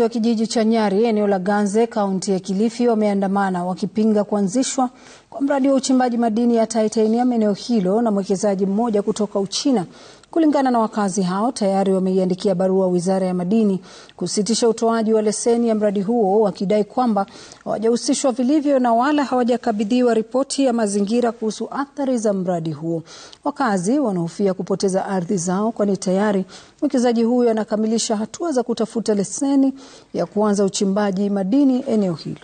Wakazi wa kijiji cha Nyari eneo la Ganze kaunti ya Kilifi wameandamana wakipinga kuanzishwa kwa mradi wa uchimbaji madini ya titanium eneo hilo na mwekezaji mmoja kutoka Uchina Kulingana na wakazi hao, tayari wameiandikia barua Wizara ya Madini kusitisha utoaji wa leseni ya mradi huo, wakidai kwamba hawajahusishwa vilivyo na wala hawajakabidhiwa ripoti ya mazingira kuhusu athari za mradi huo. Wakazi wanahofia kupoteza ardhi zao, kwani tayari mwekezaji huyo anakamilisha hatua za kutafuta leseni ya kuanza uchimbaji madini eneo hilo.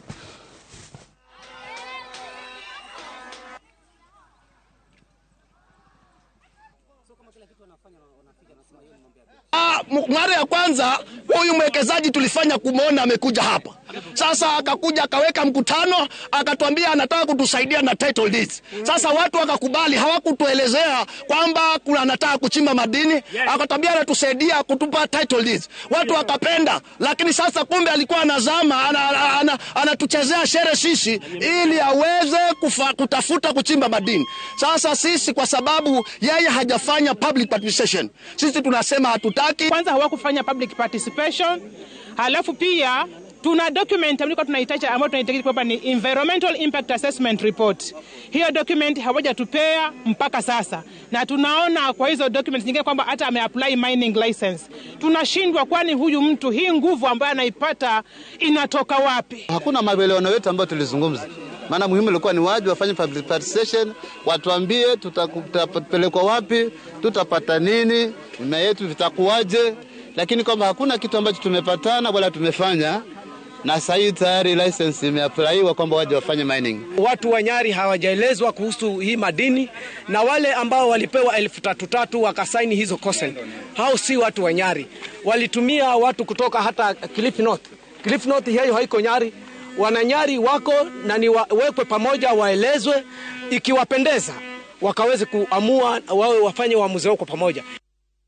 Ah, mara ya kwanza huyu mwekezaji tulifanya kumwona amekuja hapa sasa akakuja akaweka mkutano akatwambia anataka kutusaidia na title deeds. Sasa watu wakakubali, hawakutuelezea kwamba kuna anataka kuchimba madini, akatwambia anatusaidia kutupa title deeds. Watu wakapenda, lakini sasa kumbe alikuwa anazama anatuchezea ana, ana, ana shere sisi ili aweze kufa, kutafuta kuchimba madini. Sasa sisi kwa sababu yeye hajafanya public participation, sisi tunasema hatutaki. Kwanza hawakufanya public participation, halafu pia tuna document ambayo tunahitaji ambayo tunahitaji kwamba ni environmental impact assessment report. Hiyo document hawajatupea mpaka sasa, na tunaona kwa hizo documents nyingine kwamba hata ameapply mining license. Tunashindwa, kwani huyu mtu hii nguvu ambayo anaipata inatoka wapi? Hakuna maelewano yote ambayo tulizungumza maana muhimu ilikuwa ni waje wafanye public participation, watuambie tutapelekwa wapi, tutapata nini, mimea yetu vitakuwaje, lakini kwamba hakuna kitu ambacho tumepatana wala tumefanya na sasa hivi tayari license imeapplyiwa kwamba waje wafanye mining. Watu wa Nyari hawajaelezwa kuhusu hii madini, na wale ambao walipewa elfu tatu tatu wakasaini hizo consent, hao si watu wa Nyari, walitumia watu kutoka hata Cliff North. Cliff North hiyo haiko Nyari. Wananyari wako na ni wawekwe pamoja, waelezwe, ikiwapendeza wakaweze kuamua wawe wafanye uamuzi wao kwa pamoja.